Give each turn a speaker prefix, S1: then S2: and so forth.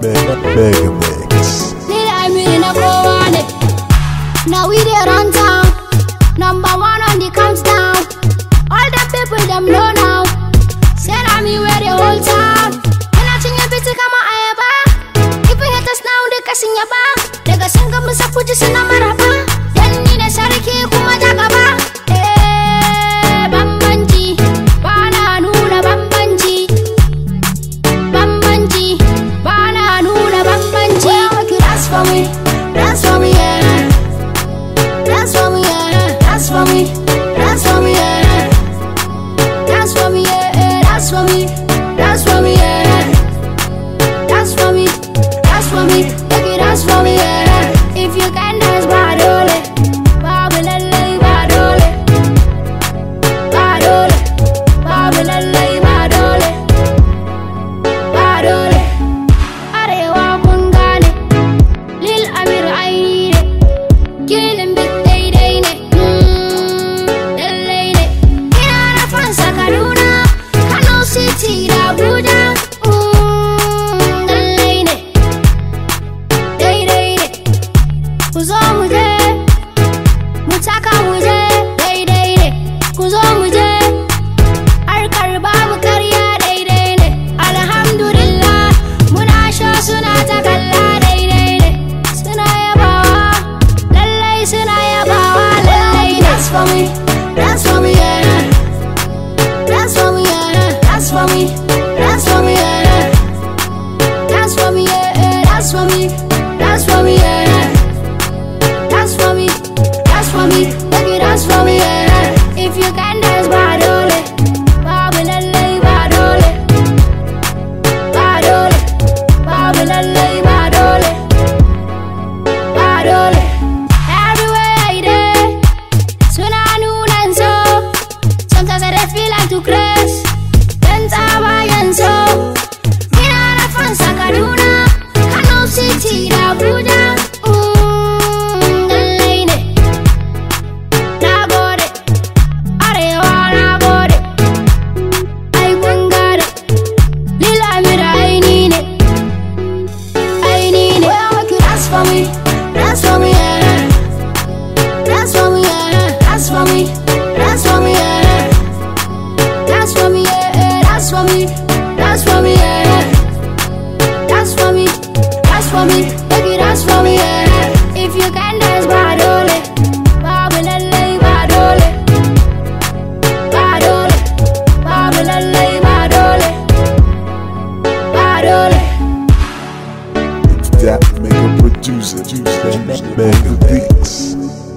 S1: beg, beg, beg. Need I mean in a it. Now we there run town. Number one on the countdown. All the people them know now. Said I mean where the whole town. When I think you better come on, I ever. If we hit us now, they're casting your back. They're casting a mess up, put you in a marabah. for me ku zo mu je mu taka mu je daidai ne ku zo mu je harkar babu karya daidai ne alhamdulillah muna sha suna ta kalla daidai ne suna yabawa lallai suna yabawa lallai that's for dance for me, dance for me, baby, dance for me, yeah. If you can dance, why don't it? for me, that's for me, yeah. That's for me, that's for me, baby, that's for me, yeah. If you can dance, badole, babalele, badole, badole, babalele, badole, badole. That make a producer, make the beats.